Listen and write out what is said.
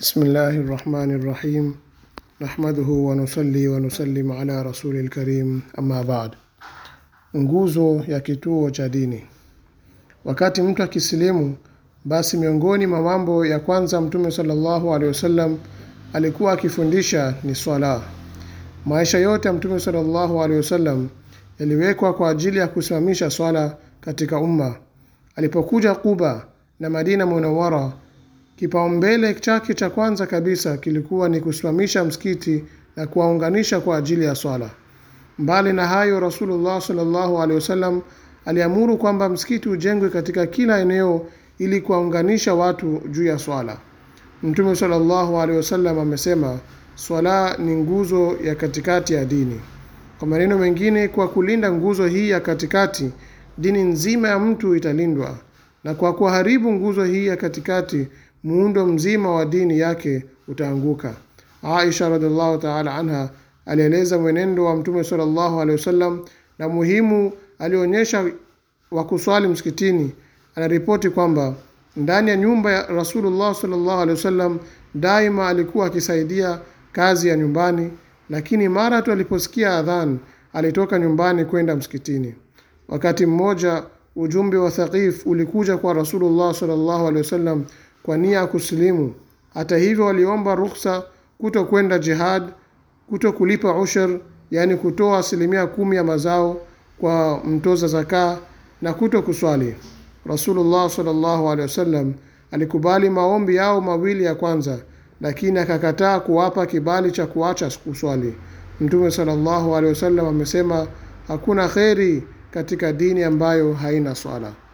بسم الله الرحمن الرحيم نحمده ونصلي ونسلم ala rasuli الكريم amma baad nguzo ya kituo cha dini wakati mtu akisilimu basi miongoni mwa mambo ya kwanza mtume sallallahu alaihi wasallam alikuwa akifundisha ni swala maisha yote ya mtume sallallahu alaihi wasallam yaliwekwa kwa ajili ya kusimamisha swala katika umma alipokuja quba na Madina Munawwara Kipaumbele chake cha kwanza kabisa kilikuwa ni kusimamisha msikiti na kuwaunganisha kwa ajili ya swala. Mbali na hayo, Rasulullah sallallahu alaihi wasallam aliamuru kwamba msikiti ujengwe katika kila eneo ili kuwaunganisha watu juu ya swala. Mtume sallallahu alaihi wasallam amesema, swala ni nguzo ya katikati ya dini. Kwa maneno mengine, kwa kulinda nguzo hii ya katikati, dini nzima ya mtu italindwa, na kwa kuharibu nguzo hii ya katikati muundo mzima wa dini yake utaanguka. Aisha radhiallahu taala anha alieleza mwenendo wa Mtume sallallahu alaihi wasallam na muhimu alionyesha wa kuswali msikitini. Anaripoti kwamba ndani ya nyumba ya Rasulullah sallallahu alaihi wasallam daima alikuwa akisaidia kazi ya nyumbani, lakini mara tu aliposikia adhan alitoka nyumbani kwenda msikitini. Wakati mmoja ujumbe wa Thaqif ulikuja kwa Rasulullah sallallahu alaihi wasallam kwa nia ya kusilimu. Hata hivyo waliomba ruhusa kuto kwenda jihad, kuto kulipa ushur, yani kutoa asilimia kumi ya mazao kwa mtoza zaka na kuto kuswali. Rasulullah sallallahu alaihi wasallam alikubali maombi yao mawili ya kwanza, lakini akakataa kuwapa kibali cha kuacha kuswali. Mtume sallallahu alaihi wasallam amesema, hakuna kheri katika dini ambayo haina swala.